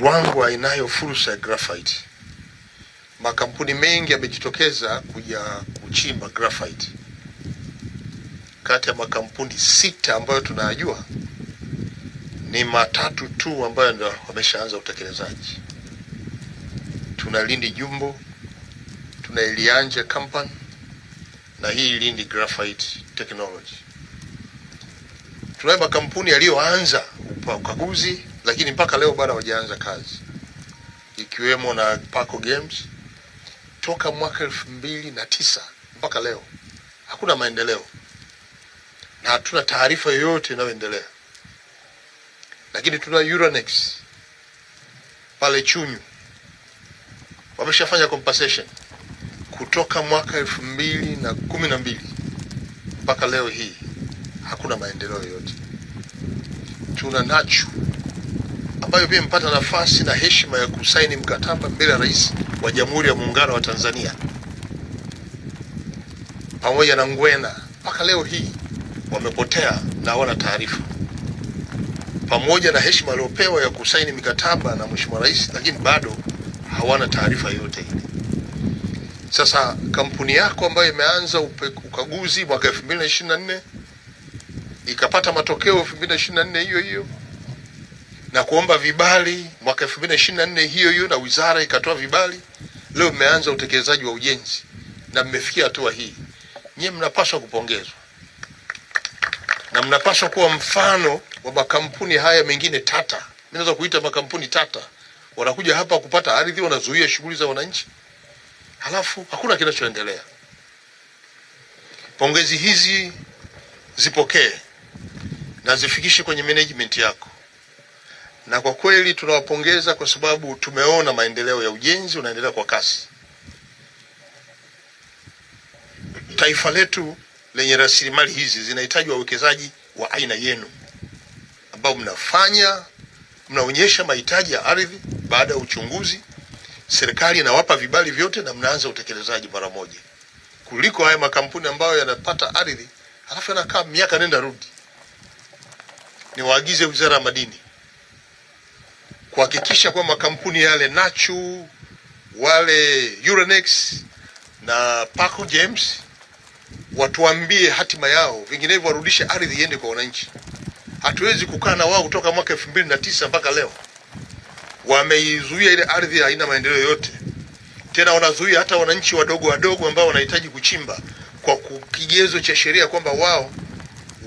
Ruangwa inayo fursa ya graphite. Makampuni mengi yamejitokeza kuja kuchimba graphite. Kati ya makampuni sita ambayo tunayajua ni matatu tu ambayo ndio wameshaanza utekelezaji. Tuna Lindi Jumbo, tuna ilianje Company na hii Lindi Graphite Technology. Tunayo makampuni yaliyoanza ukaguzi lakini mpaka leo bado hawajaanza kazi, ikiwemo na Paco Games toka mwaka elfu mbili na tisa mpaka leo hakuna maendeleo na hatuna taarifa yoyote inayoendelea, lakini tuna Euronext pale Chunyu wameshafanya compensation kutoka mwaka elfu mbili na kumi na mbili mpaka leo hii hakuna maendeleo yoyote. Tuna Nachu ambayo pia imepata nafasi na heshima ya kusaini mkataba mbele ya Rais wa Jamhuri ya Muungano wa Tanzania pamoja na ngwena mpaka leo hii wamepotea na hawana taarifa, pamoja na heshima aliyopewa ya kusaini mikataba na Mheshimiwa Rais, lakini bado hawana taarifa yoyote ile. Sasa kampuni yako ambayo imeanza ukaguzi mwaka 2024 ikapata matokeo 2024 hiyo hiyo na kuomba vibali mwaka 2024 hiyo hiyo, na wizara ikatoa vibali. Leo mmeanza utekelezaji wa ujenzi na mmefikia hatua hii, nyie mnapaswa kupongezwa na mnapaswa kuwa mfano wa makampuni haya mengine tata. Mimi naweza kuita makampuni tata, wanakuja hapa kupata ardhi, wanazuia shughuli za wananchi, halafu hakuna kinachoendelea. Pongezi hizi zipokee na zifikishe kwenye management yako na kwa kweli tunawapongeza kwa sababu tumeona maendeleo ya ujenzi unaendelea kwa kasi. Taifa letu lenye rasilimali hizi zinahitaji wawekezaji wa aina yenu ambao mnafanya mnaonyesha mahitaji ya ardhi baada ya uchunguzi, serikali inawapa vibali vyote na mnaanza utekelezaji mara moja, kuliko haya makampuni ambayo yanapata ardhi halafu yanakaa miaka nenda rudi. Niwaagize Wizara ya Madini kuhakikisha kwamba makampuni yale Nachu wale Uranex na Paco James watuambie hatima yao, vinginevyo warudishe ardhi iende kwa wananchi. Hatuwezi kukaa na wao kutoka mwaka elfu mbili na tisa mpaka leo wameizuia ile ardhi, haina maendeleo yote tena, wanazuia hata wananchi wadogo wadogo ambao wanahitaji kuchimba kwa kigezo cha sheria kwamba wao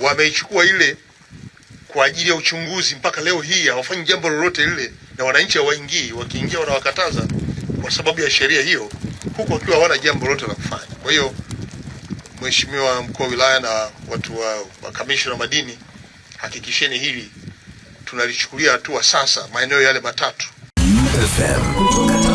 wameichukua ile kwa ajili ya uchunguzi, mpaka leo hii hawafanyi jambo lolote lile, na wananchi hawaingii, wakiingia wanawakataza kwa sababu ya sheria hiyo, huku wakiwa hawana jambo lolote la kufanya. Kwa hiyo, Mheshimiwa mkuu wa wilaya na watu wa makamishna wa madini, hakikisheni hili tunalichukulia hatua sasa, maeneo yale matatu FM.